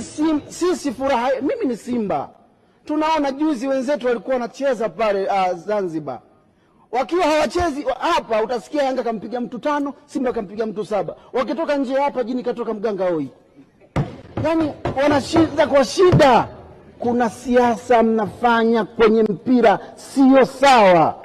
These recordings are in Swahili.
Sisi, sisi furaha, mimi ni Simba. Tunaona juzi wenzetu walikuwa wanacheza pale uh, Zanzibar, wakiwa hawachezi hapa, utasikia Yanga kampiga mtu tano, Simba kampiga mtu saba, wakitoka nje hapa jini katoka mganga hoi, yaani wanashinda kwa shida. Kuna siasa mnafanya kwenye mpira, sio sawa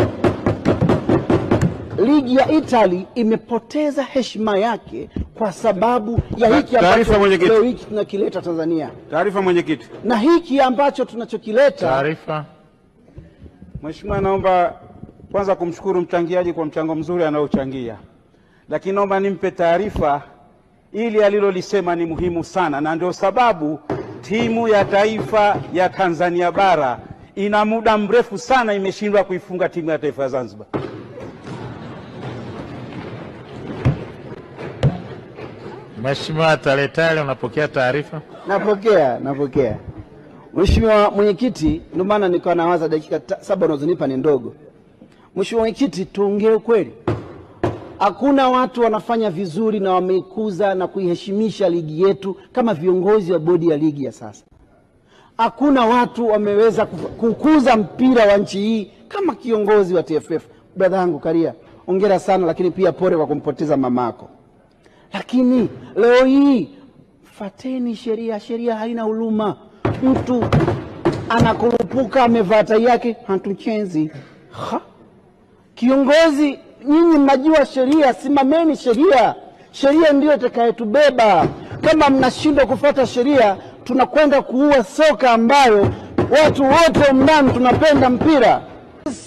ligi ya Italy imepoteza heshima yake kwa sababu ya hiki ambacho leo hiki tunakileta Tanzania. Taarifa mwenyekiti, na hiki ambacho tunachokileta. Taarifa mheshimiwa, naomba kwanza kumshukuru mchangiaji kwa mchango mzuri anaochangia, lakini naomba nimpe taarifa ili alilolisema ni muhimu sana, na ndio sababu timu ya taifa ya Tanzania bara ina muda mrefu sana imeshindwa kuifunga timu ya taifa ya Zanzibar. Mheshimiwa Taletale, unapokea taarifa? Napokea, napokea. Mheshimiwa Mwenyekiti, ndio maana nilikuwa nawaza dakika saba unazonipa ni ndogo. Mheshimiwa Mwenyekiti, tuongee ukweli, hakuna watu wanafanya vizuri na wameikuza na kuiheshimisha ligi yetu kama viongozi wa bodi ya ligi ya sasa. Hakuna watu wameweza kukuza mpira wa nchi hii kama kiongozi wa TFF. bradha yangu Karia, ongera sana, lakini pia pole kwa kumpoteza mamako. Lakini leo hii fateni sheria, sheria haina huluma. Mtu anakurupuka amevaa tai yake, hatuchenzi ha? Kiongozi, nyinyi mnajua sheria, simameni sheria. Sheria ndiyo itakayetubeba. Kama mnashindwa kufuata sheria, tunakwenda kuua soka ambayo watu wote mdani tunapenda mpira.